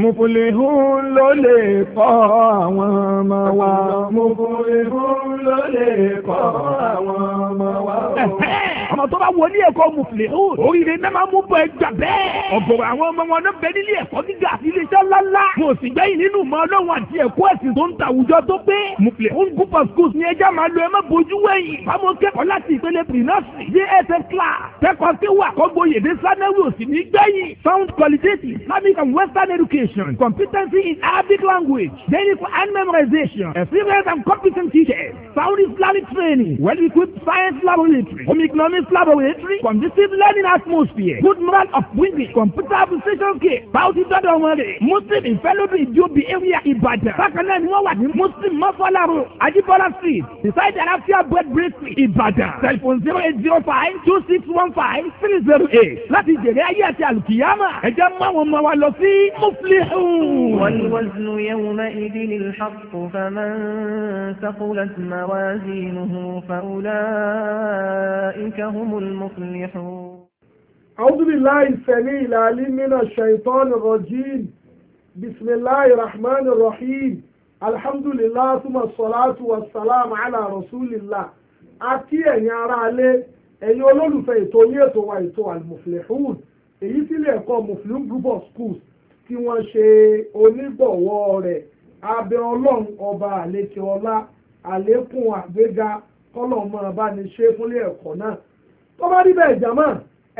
Mùfúlihún ló lè kọ́ àwọn ọmọ wa. Mùfúlihún ló lè kọ́ àwọn ọmọ wa ọmọ tó bá wọ ní ẹ̀kọ́ muflihun oríire náà máa mú bọ ẹgbà bẹ́ẹ̀ ọ̀gọ̀rọ̀ àwọn ọmọ wọn náà bẹ nílé ẹ̀kọ́ gíga àti iléeṣẹ́ ńláńlá mo sì gbẹ́yìn nínú mọ ọlọ́run àti ẹ̀kọ́ ẹ̀sìn tó ń ta àwùjọ tó pé muflihun group of schools ni máa lo ẹ má bojú wẹ̀yìn bámu kẹ́kọ̀ọ́ láti ìpele pre sound qualitative Islamic and Western education competency in Arabic language clinical and memorization experience and competent teachers sound Islamic training well-equipped science laboratory home a flabbergatory, conducive learning atmosphere, good moral of women, computer application kit, bounty dọ́dọ̀ wọn rè. Muslim ìfẹ́lódù ìjó do Ìbàdàn. Bákan náà ni wọ́n wà ní Muslim Mọ́fọ́láro, Ajibola street, beside Alafia bread bakery Ìbàdàn. Telephone zero eight zero five two six one five three zero eight. Láti jèrè ayé àti àlùkìyámà, ẹ jẹ́ mú àwọn ọmọ wa lọ sí Muflihun. والوزن يومئذ الحق فمن ثقلت موازينه فأولئك هم المفلحون أعوذ بالله السميع العليم من الشيطان الرجيم بسم الله الرحمن الرحيم الحمد لله ثم الصلاة والسلام على رسول الله àti ẹ̀yin ará alẹ́ ẹ̀yin olólùfẹ́ ètò yín ètò wa ètò almuflihun èyí sílé ẹ̀kọ́ muflihun group of schools tí wọ́n ṣe onígbọ̀wọ́ rẹ̀ abẹ́ ọlọ́run ọba àlékè ọlá àlékún àgbéga kọ́lọ̀ mọ́ abániṣe fúnlé ẹ̀kọ́ náà tó bá rí bẹ́ẹ̀ jàmọ́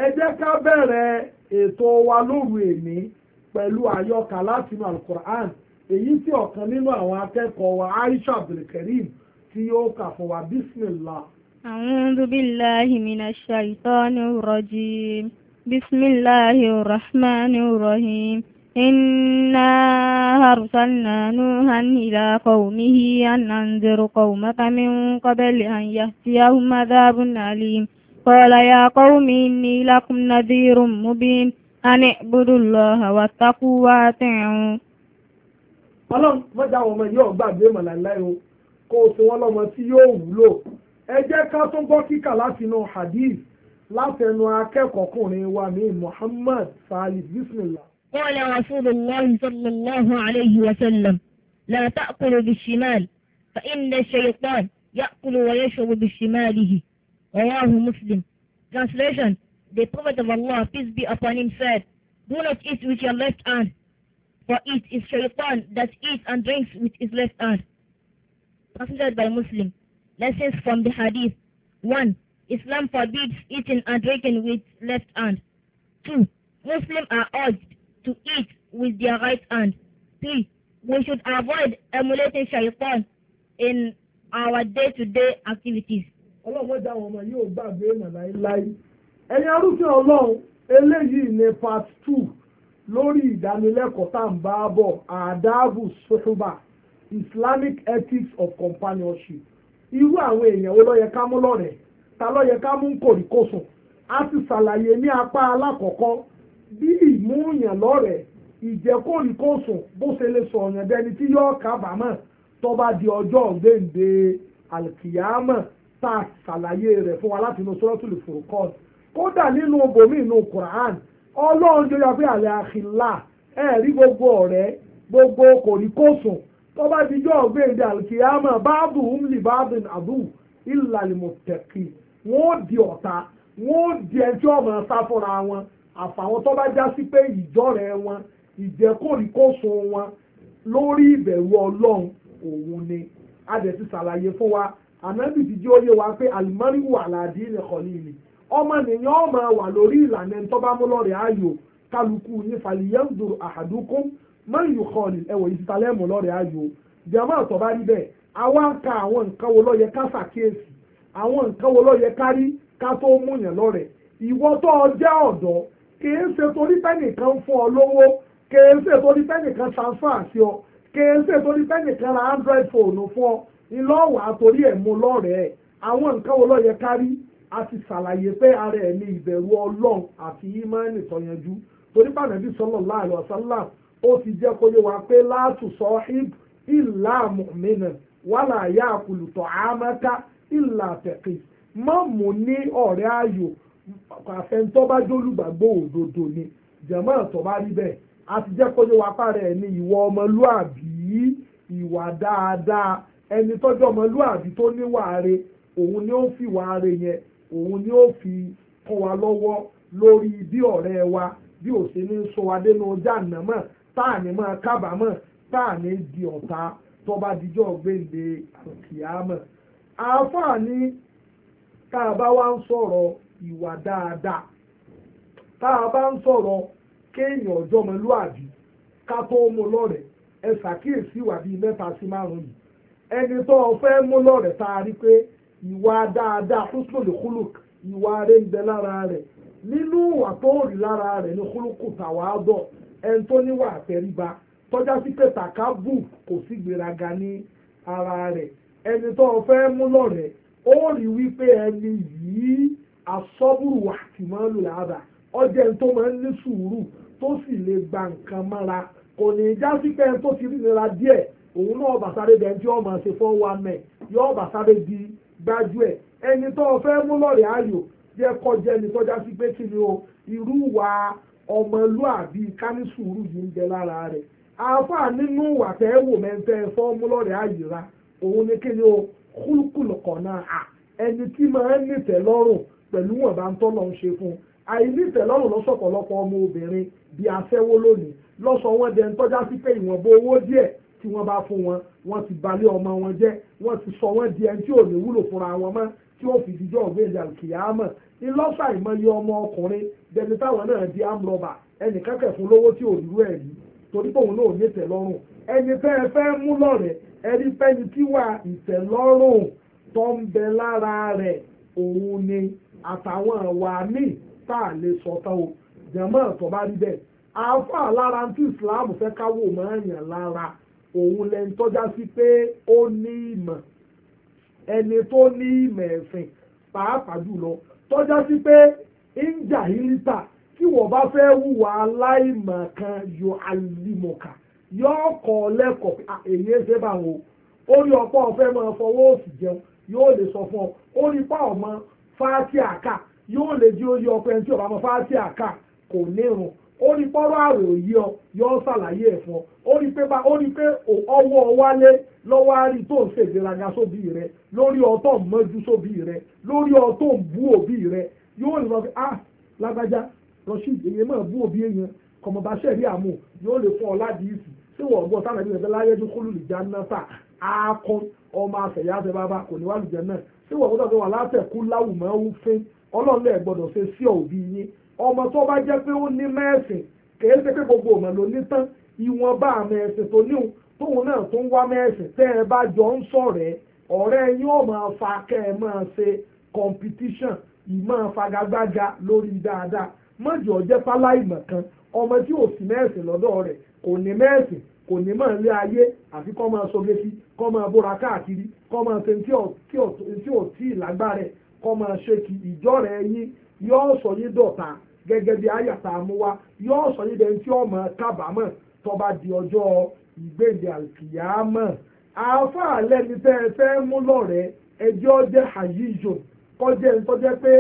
ẹ jẹ́ ká bẹ̀rẹ̀ ètò wa lóru èmi pẹ̀lú àyọkà látinú alukur'an èyí tí ọ̀kan nínú àwọn akẹ́kọ̀ọ́ wa Aisha Abdulkareem tí yóò kà fún wa bismillah. A'udhu billahi minash shaitanir rajim. Bismillahir rahmanir rahim. إنا أرسلنا نوحا إلى قومه أن أنذر قومك من قبل أن يأتيهم عذاب أليم قال يا قوم إني لكم نذير مبين أن اعبدوا الله واتقوا واتعوا ọlọ́run mọ́jà àwọn ọmọ yóò gbàgbé mọ̀láìláì o kó o sọ wọn lọ́mọ tí yóò wúlò ẹ jẹ́ ká tún gbọ́ kíkà láti inú hadith látẹnu akẹ́kọ̀ọ́kùnrin wa ní Muhammad Salih bismillah. قال رسول الله صلى الله عليه وسلم لا تأكلوا بالشمال فإن الشيطان يأكل ويشرب بشماله Allahu Muslim. Translation, the Prophet of Allah, peace be upon him, said, Do not eat with your left hand, for it is shaitan that eats and drinks with his left hand. Translated by Muslim. Lessons from the Hadith. 1. Islam forbids eating and drinking with left hand. 2. Muslims are urged to eat with their right hand. 3. We should avoid emulating shaitan in our day-to-day -day activities. ọlọ́mọdé àwọn ọmọ yóò gbàgbé èèmọ̀ láéláé ẹ̀yin arúgbó ọlọ́run eléyìí ni part two lórí ìdánilẹ́kọ̀ọ́ tá à bá bọ̀ àdáàbù sọ́ṣùbà Islamic ethics of companionship irú àwọn èèyàn wo ló yẹ ká mú lọ́rẹ̀ẹ́ ta ló yẹ ká mú kòríkòsùn a ti ṣàlàyé ní apá alákọ̀ọ́kọ́ bí ìmúyàn lọ́rẹ̀ẹ́ ìjẹ́kòríkòsùn bó ṣe lè sọ ọ̀yàn dẹni tí yóò kábàámọ̀ tó di ọjọ́ ọ̀gbẹ́ǹde alkiyama tá a ṣàlàyé rẹ̀ fún wa láti inú sọ́rọ́tùlù fòrókọ́ọ̀n kódà nínú bòmí inú Quran ọlọ́run jọjọ pé àlẹ́ àkìlá ẹ̀ rí gbogbo ọ̀rẹ́ gbogbo kòríkòsùn tó bá ti jọ ọ̀gbẹ́ndẹ̀ àlùkìyàmà báàbù húmlì báàbù àbù ìlàlìmọ̀tẹ̀kì wọ́n ó di ọ̀tá wọ́n ó di ẹjọ́ ọ̀mọ̀ sá fúnra wọn àfàwọn tó bá já sí pé ìjọ́rẹ̀ wọn ìjẹ́kòríkòsùn wọn lórí ìbẹ̀rù ọlọ́run òun ni a ti ṣàlàyé fún wa ànábì ti jí ó yé wa pé àlùmọ́rí wà láàdí ilẹ̀ kọ́ ní ilé ọmọ nìyẹn ọmọ wà lórí ìlànà ẹni bá mú lọ́rẹ̀ ayò kálukú ní fàlìyẹ́ǹdùrù àhàdúkún mẹ́rin yìí kọ́ ni ẹ̀wọ̀ yìí ta lẹ́mù lọ́rẹ̀ ayò jẹ́mọ́ àtọ́ bá rí bẹ́ẹ̀ àwa ka àwọn nǹkan wo ló yẹ ká ṣàkíyèsí àwọn nǹkan wo ló yẹ ká rí ká tó mú yẹn lọ́rẹ̀ ìwọ tó o jẹ́ ọ̀dọ́ kìí ṣe torí pẹ́nìkan fún ọ lówó kìí ṣe torí pẹ́nìkan transfer sí ọ kìí ṣe torí pẹ́nìkan ra android phone fún ọ ńlọ́wọ́ àtòrí ẹ̀ mú lọ́rẹ̀ẹ́ àwọn nǹkan wo lọ́yẹ kárí a ti ṣàlàyé pé ara ẹ̀ ní ìbẹ̀rù ọlọ́run àti ìmọ̀ẹ́nì tọ̀yanjú torí pàdánù sallallahu alaihi wasallam ó ti jẹ́ kó yé wa pé láàtù sahib illa mu'mina wàlà àyà àkùlùtọ̀ àmọ́ká ìlà àtẹ̀kì má mú ní ọ̀rẹ́ ayò àfẹ́ntọ́ bá jólùgbàgbọ́ òdodo ni jẹ̀mọ́ ẹ̀tọ́ bá rí bẹ́ẹ̀ a ti jẹ́ kó yé wa pàrẹ̀ ní ìwọ ọmọlúàbí ìwà dáadáa ẹni tọ́jú ọmọlúwàbí tó níwàáre òun ni ó fi wàáre yẹn òun ni ó fi kọ́ wa lọ́wọ́ lórí bí ọ̀rẹ́ wa bí ò sí ní sọ wa dénú jàǹnàmọ́ táà ní máa kábàámọ̀ táà ní di ọ̀tá tó bá dijọ́ gbéǹde àkìámọ̀ àáfàá ní tá a bá wá ń sọ̀rọ̀ ìwà dáadáa tá a bá ń sọ̀rọ̀ kéèyàn ọjọ́ ọmọlúwàbí ká tó mú lọ́rẹ̀ẹ́ ẹ ṣàkíyèsí ìwà bíi mẹ́ta sí márùn-ún yìí ẹni tó o fẹ́ mú lọ́rẹ̀ tá a rí pé ìwà dáadáa húsùlù kúlùk ìwà rẹ̀ ń bẹ lára rẹ̀ nínú ìwà tó rí lára rẹ̀ ní kúlùkù tàwádọ̀ ẹni tó níwà àtẹríba tọ́já sí pé tàkàbù kò sí gbéraga ní ara rẹ̀ ẹni tó o fẹ́ mú lọ́rẹ̀ ó rí wípé ẹni yìí asọ́bùrù wà máa ń lò lára ọjọ́ ẹni tó máa ń ní sùúrù tó sì lè gba nǹkan mọ́ra kò ní já sí pé ẹni tó ti rí nira díẹ̀ òun náà ọba sáré bẹ́ẹ̀ tí ọmọ ṣe fọ́ wa mẹ́ yọ ọba sáré di gbájú ẹ̀ ẹni tó o fẹ́ mú lọ́rẹ̀ ayò jẹ́ kọjá ẹni tọ́já sí pé kí ni o irú wa ọmọlúàbí kání sùúrù yìí ń bẹ lára rẹ̀ àáfàá nínú ìwà tẹ́ wò mẹ́ńtẹ́ fọ́ mú lọ́rẹ̀ ayò ra òun ni kí ni o kúlùkùlùkọ̀ náà ẹni tí máa ń nìtẹ́ lọ́rùn pẹ̀lú wọn bá ń tọ́ lọ́n ṣe fún un àìnífẹ̀ẹ́ lọ́rùn lọ́sọ̀pọ̀lọpọ̀ ọmọ obìnrin bíi aṣẹ́wó lónìí lọ́sọ̀ wọn dẹ̀ tọ́já sí pé ìwọ̀nba owó díẹ̀ tí wọ́n bá fún wọn wọ́n ti balẹ̀ ọmọ wọn jẹ́ wọ́n ti sọ wọ́n di ẹni tí ò ní wúlò fúnra wọn mọ́ tí ó fi dijọ́ ọ̀gbẹ́ni àlùkìyàmọ̀ ńlọ́sà ìmọ̀ye ọmọ ọkùnrin bẹ̀rẹ̀ táwọn náà di amrọ̀bà ẹnì kẹ́kẹ́ fún lówó tí ò rírú ẹ̀ yìí torí pòun náà ní ìtẹ̀lọ́rùn ẹni fẹ́ fẹ́ mú lọ́rẹ̀ ẹni fẹ́ni tí wà ìtẹ̀lọ́rùn tó ń bẹ lára rẹ̀ òun ni àtàwọn àwa míì tá a lè sọ tán o jẹ̀mọ́ tó bá rí bẹ́ẹ̀ àáfàá lára tí ìsìláàmù fẹ́ káwọ́ máa yàn lára òun lẹ́ni tọ́já sí pé ó ní ìmọ̀ ẹni tó ní ìmọ̀ ẹ̀sìn pàápàá jùlọ tọ́já sí pé ń jà hílítà tí wọ́n bá fẹ́ hùwà aláìmọ̀ kan yọ àlìmọ̀kà yóò kọ́ lẹ́kọ̀ọ́ èyí ṣe bá wọn o ó ní ọ̀pọ̀ ọ̀fẹ́ máa fọwọ́ òsì jẹun yóò lè sọ fún ọ ó ní pa ọmọ fáátì àká yóò lè jí ó yọ ọpẹ tí ọba ọmọ fáátì àká kò ní irun ó rí pọ́rọ́ àrò yí ọ yọ ọ́ ṣàlàyé ẹ̀ fún ọ ó rí pé ó rí pé ọwọ́ wálé lọ́wọ́ á rí tó ń ṣègbéraga sóbì rẹ lórí ọtọ́ mọ́jú sóbì rẹ lórí ọtọ́ bú òbí rẹ yóò lọ fi ah lágbájá Rasheed èyí máa bú òbí èèyàn kọ̀mọ̀báṣẹ́ rí àmú yóò lè fún ọ láti ìsì tí wọ́n gbọ́ sáà nàìjíríà bẹ́ẹ̀ láyé dúkúlù lè já náà sà á kọ́ ọmọ àfẹ̀yàfẹ́ bàbá kò ní wà lùjẹ́ náà tí wọ́n gbọ́dọ̀ wà látẹ̀kú láwùmọ́ ń fín ọlọ́ọ̀lẹ́ gbọ́dọ̀ ṣe sí òbí yín ọmọ tó bá jẹ́ pé ó ní mẹ́ẹ̀sìn kèé ṣe pé gbogbo ọmọ ló ní tán ìwọ̀nba mẹ́ẹ̀sìn tó níhun tóun náà tó ń wá mẹ́ẹ̀sìn tẹ́ ẹ bá jọ ń ṣọ̀rẹ́ ọ̀rẹ́ yín ó máa fa kẹ́ ẹ máa ṣe competition ìmọ̀ fagagbága lórí dáadáa mọ́jọ́ jẹ́ fáláìmọ̀ kan ọmọ tí ò sí mẹ́ẹ̀sìn lọ́dọ̀ rẹ̀ kò ní mẹ́ẹ̀sìn kò ní máa lé ayé àfi kọ́ máa soge sí kọ́ máa bóra káàkiri kọ́ máa ṣe tí ò tí ì lágbára kọ́ máa ṣe kí ìjọ́ rẹ̀ yín yóò sọ yín dọ̀tá gẹ́gẹ́ bí àyàtà amúwá yóò sọ yín dẹni tí ọmọ kábàámọ̀ tó bá di ọjọ́ ìgbéǹde àlùkìyàmọ̀ àáfàá lẹ́ni tẹ́ ẹ fẹ́ mú lọ́rẹ̀ẹ́ ẹjẹ́ ọjẹ́ àyíjò kọjẹ́ ń tọ́jẹ́ pé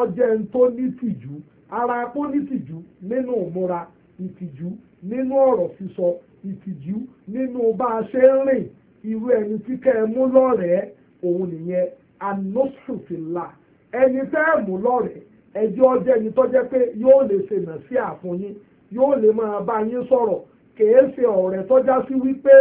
ọjẹ́ ń tó nítìjú ara pọ́ nítìjú nínú ìmúra ìtìjú nínú ọ̀rọ̀ sísọ ìtìjú nínú bá a ṣe ń rìn irú ẹni tí kẹ́ ẹ mú lọ́rẹ̀ẹ́ òun nìyẹn anọ́sùfìlà ẹni tẹ́ ẹ mú lọ́rẹ̀ẹ́ ẹjẹ́ ọjọ́ ẹni tó jẹ́ pé yóò lè ṣènà sí àfún yín yóò lè máa bá yín sọ̀rọ̀ kèé ṣe ọ̀rẹ́ tọ́já sí wípé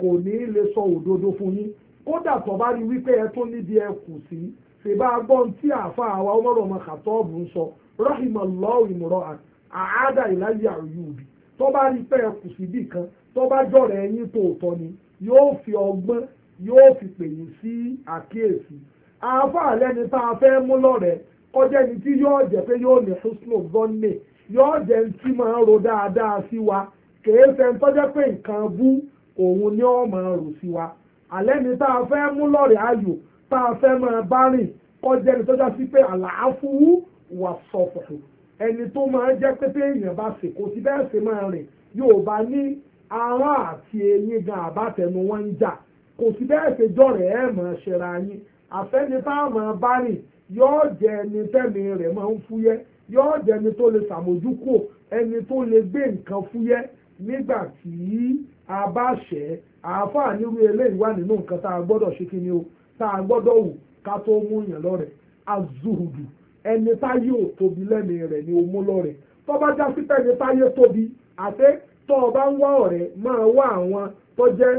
kò ní lè sọ òdodo fún yín kódà tó bá rí wípé ẹ tún níbi ẹ kù sí ṣèbá gbọ́n tí àfa àwa ọmọọ̀rọ̀ ọmọ kàtọ́ọ̀bù ń sọ rahimallahu ìmọ̀ràn àádá ìláyé àrùyùbí tó bá rí pé ẹ kù síbì kan tó bá jọ̀rọ̀ ẹ̀yin tòótọ́ ni yóò fi ọgbọ́n yóò fi pè yín sí àkíyèsí àáfàá lẹ́ni tá a fẹ́ mú lọ́rẹ̀ẹ́ kọjá ẹni tí yóò jẹ́ pé yóò ní húsnù gbọ́nì yóò jẹ́ ẹni tí máa ń ro dáadáa sí wa kèé sẹ́ni tó jẹ́ pé nǹkan bú òun ni ó máa rò sí wa alẹ́ ni tá a fẹ́ mú lọ́rẹ̀ ayò tá a fẹ́ máa bá rìn kọjá ẹni tó sí pé àlàáfúwú wà sọ̀fọ̀ ẹni tó máa jẹ́ pé téèyàn bá ṣe kò sí bẹ́ẹ̀ ṣe máa rìn yóò bá ní ara àti eyín gan àbátẹnu wọn ń jà kò sí bẹ́ẹ̀ ṣe jọ̀rẹ̀ ẹ̀ máa ṣera yín àfẹ́ni tá a máa bá rìn yọọ jẹ ẹni tẹ́mi rẹ máa ń fúyẹ́ yọọ jẹ ẹni tó lè sàmójúkò ẹni tó lè gbé nǹkan fúyẹ́ nígbà tí a bá ṣẹ̀ àáfàá nírú eléyìí wà nínú nǹkan tá a gbọ́dọ̀ ṣe kí ni o tá a gbọ́dọ̀ wù ká tó mú yàn lọ́rẹ̀ azuhudu ẹni táyé ò tóbi lẹ́mi rẹ ni o mú lọ́rẹ̀ tó bá já sí pẹ́ni táyé tóbi àti tó o bá ń wá ọ̀rẹ́ máa wá àwọn tó jẹ́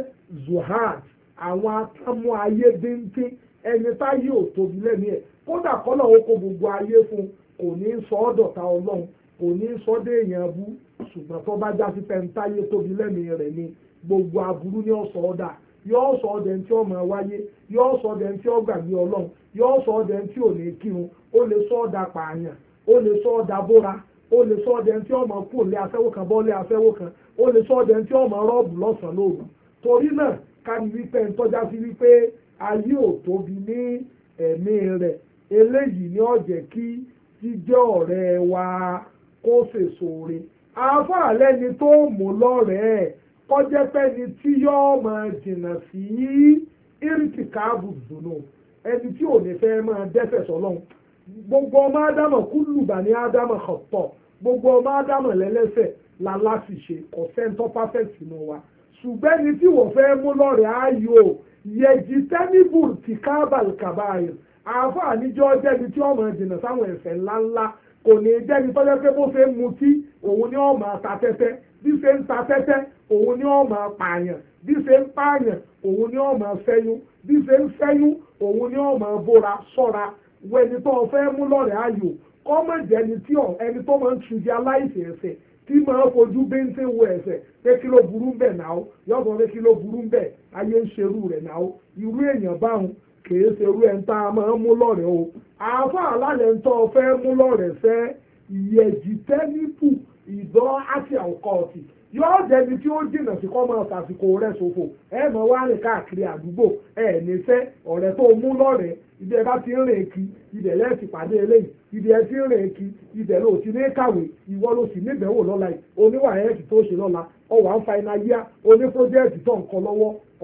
zuhad àwọn atámú ayé bíntín ẹni táyé ò tóbi lẹ́mi ẹ̀ kódà kọ́nà oko gbogbo ayé fún kò ní sọ ọ́ dọ̀tá ọlọ́run kò ní sọ dé èèyàn bú ṣùgbọ́n tó bá já sí pẹ́ntáyé tóbi lẹ́mìí rẹ̀ ni gbogbo aburú ní ọ̀sọ̀ ọ̀dà yóò sọ ọdẹ tí ọmọ wáyé yóò sọ ọdẹ tí ó gbàgbé ọlọ́run yóò sọ ọdẹ tí ò ní kírun ó lè sọ ọ̀dà pààyàn ó lè sọ ọ̀dà bóra ó lè sọ ọdẹ tí ọmọ kù lé afẹ́wó kan bọ́ lé afẹ́wó kan ó lè sọ ọdẹ tí ọmọ rọ́ọ̀bù lọ́sàn-án lóru torí náà kárí wípé ń sí wípé ayé ò tóbi ní ẹ̀mí rẹ̀ eléyìí ni ó jẹ́ kí jíjẹ́ ọ̀rẹ́ wa kó sèso re àáfàá lẹ́ni tó mú lọ́rẹ̀ẹ́ kọjá pẹ́ni tí yóò máa jìnnà sí irtikaabu dùnú ẹni tí ò ní fẹ́ máa dẹ́ṣẹ̀ sọ́lọ́hún gbogbo ọmọ ádámọ̀ kúlùbà ní ádámọ̀ ọ̀tọ̀ gbogbo ọmọ ádámọ̀ lẹ́lẹ́ṣẹ̀ láláfi ṣe kò sẹ́ńtọ́ perfect nù wa ṣùgbọ́n ẹni tí wọ́n fẹ́ mú lọ́rẹ̀ẹ́ ayò yẹjì tẹ́nibù tìkábàlì kàbáyìí àáfàá níjọ́ jẹ́bi tí ọmọ ìdènà sáwọn ẹ̀ṣẹ̀ ńláńlá kò ní jẹ́bi tọ́jọ́ pé bó ṣe ń mutí òun ni ọmọ àtàtẹ́tẹ́ bí ṣe ń tatẹ́tẹ́ òun ni ọmọ pààyàn bí ṣe ń pààyàn òun ni ọmọ bí ṣe ń fẹ́yún òun ni ọmọ bóra sọ́ra wẹni tó fẹ́ mú ọ ẹni tó máa ń aláìsí tí máa ń wo pé kí ló burú ń bẹ̀ náà yọ̀bọ̀ pé kí ló burú ń bẹ̀ ayé kìí ṣe irú ẹ̀ ń tá a máa ń mú lọ́rẹ̀ o àáfàá alálẹ̀ ń tọ́ ọ fẹ́ mú lọ́rẹ̀ fẹ́ ìyẹ̀jì tẹ́lifù ìdán àti àwòkọ́ọ̀tì yóò jẹbi tí ó jìnnà sí kọ́mọ àsìkò rẹ̀ ṣòfò ẹ mọ̀ wá rìn káàkiri àdúgbò ẹ ní fẹ́ ọ̀rẹ́ tó mú lọ́rẹ̀ẹ́ ibi ẹ bá ti ń rìn kí ibẹ̀ lẹ́ẹ̀ ti pàdé eléyìí ibi ẹ ti ń rìn kí ibẹ̀ ló ti ní kàwé ìwọ ló sì níbẹ̀wò lọ́la yìí oníwà ẹ̀ẹ́sì tó ṣe lọ́la ọwọ́ à ń fa iná yíyá oní pọ́jẹ́ẹ̀tì tó ń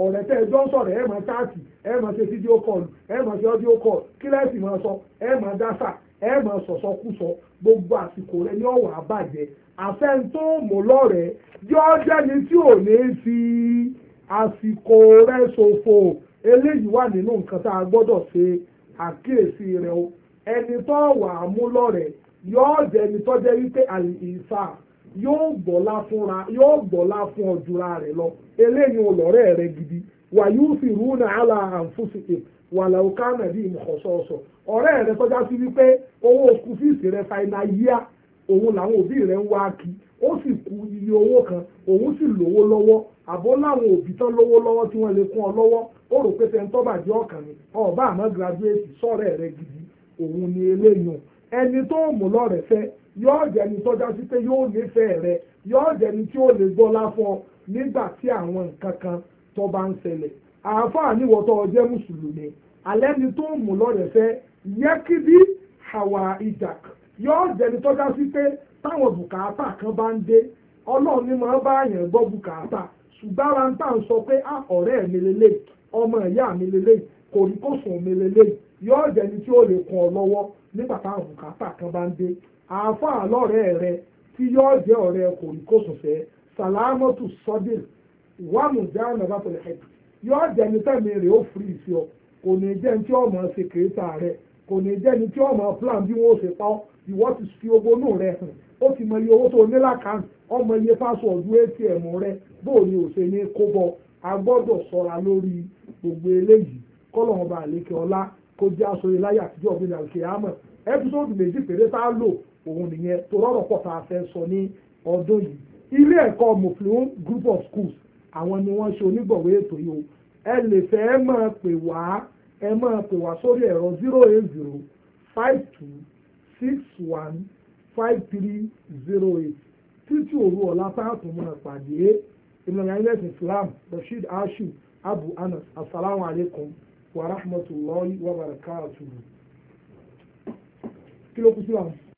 ọ̀rẹ́ tẹ́ ẹ jọ sọ̀rọ̀ ẹ máa táàtì ẹ máa ṣe fídíò kọ́ọ̀lù ẹ máa ṣe ọ́díò kọ́ọ̀lù kíláàsì máa sọ ẹ máa dáṣà ẹ máa sọ̀sọ́ kú sọ gbogbo àsìkò rẹ ní ọ̀wà àbàjẹ́ àfẹ́ntó mọ̀ lọ́rẹ̀ẹ́ yọ jẹ́ni tí ò ní fi àsìkò rẹ ṣòfò eléyìí wà nínú nǹkan tá a gbọ́dọ̀ ṣe àkíyèsí rẹ o ẹni tó wà á mú lọ́rẹ̀ẹ́ yọ jẹ́ni tó jẹ́ wípé àìsàn yóò gbọ́lá fúnra yóò gbọ́lá fún ọjọ́ra rẹ̀ lọ eléyìí olọ́rẹ́ rẹ̀ gidi wàyú sì rúnà àlà àǹfùsìkè wàlà òkà nàbí ìmọ̀kọ́sọ́ọ̀sọ̀ ọ̀rẹ́ rẹ̀ tọ́já sí wípé owó skul fíìsì rẹ̀ fainá yíyá òun làwọn òbí rẹ̀ ń wá kí ó sì kù iye owó kan òun sì lówó lọ́wọ́ àbó láwọn òbí tán lówó lọ́wọ́ tí wọ́n lè kún ọ lọ́wọ́ ó rò pé tẹ́ńtọ́ bàjẹ́ ọ̀kan ni ọ̀bá àmọ́ gíráduétì sọ́ọ̀rẹ́ rẹ̀ gidi òun ni eléyìí ẹni tó mú lọ́rẹ̀ fẹ́ yóò jẹni tọ́já sí pé yóò nífẹ̀ẹ́ rẹ yóò jẹni tí ó lè gbọ́ láfọ nígbà tí àwọn nǹkan kan tó bá ń ṣẹlẹ̀ àáfàá níwọ̀ tó mùsùlùmí alẹ́ tó mú fẹ́ idak yóò jẹni tọ́já sí pé kan bá ń dé ọlọ́run ni bá yẹn gbọ́ bùkátà ṣùgbọ́n ara ń tà mi lélẹ̀ ọmọ ìyá mi lélẹ̀ kòríkòsùn mi lélẹ̀ yóò tí ó lè kàn ọ́ lọ́wọ́ nígbà kan bá ń àáfàá lọ́rẹ̀ẹ́ rẹ tí yóò jẹ́ ọ̀rẹ́ kò rí kó sọ̀fẹ́ sàlámọ́tù sọ́dìr wàmù jáàmù bàtọ̀lẹ̀ ẹ̀dì yóò jẹ́ ní tẹ̀mí rẹ̀ ó firi ìfi ọ kò ní jẹ́ ní tí ó mọ̀ ṣe kèéta rẹ kò ní jẹ́ ní tí ó mọ̀ plan bí wọ́n ṣe pa ọ́ ìwọ ti fi ogbónú rẹ hàn ó ti mọ iye owó tó ní lákàntì ọmọ iye pásọ̀dù atm rẹ bóò ò ṣe ní kó bọ a sọ̀ra lórí gbogbo eléyìí kọ́lọ́mọba àlékè ọlá kó jẹ́ aṣọ iláyà àtijọ́ ọ̀gbìn àlùkè àmọ̀ ẹ́písọ́ọ̀dù méjì péré tá a lò òun nìyẹn tó rọrùn pọ̀ tá a fẹ́ sọ ní ọdún yìí ilé ẹ̀kọ́ mufliun group of schools àwọn ni wọ́n ṣe onígbọ̀wé ètò yìí o ẹ lè fẹ́ ẹ máa pè wá ẹ máa pè wá sórí ẹ̀rọ zero eight zero five two six one five three zero eight títí òru ọ̀la sáàtù múna pàdé ìmọ̀lẹ́ ayélujára islam rasheed ashu abu anas asalaamu alaykum wa rahmatulahi wa barakatuhu kí ló kú sí wa.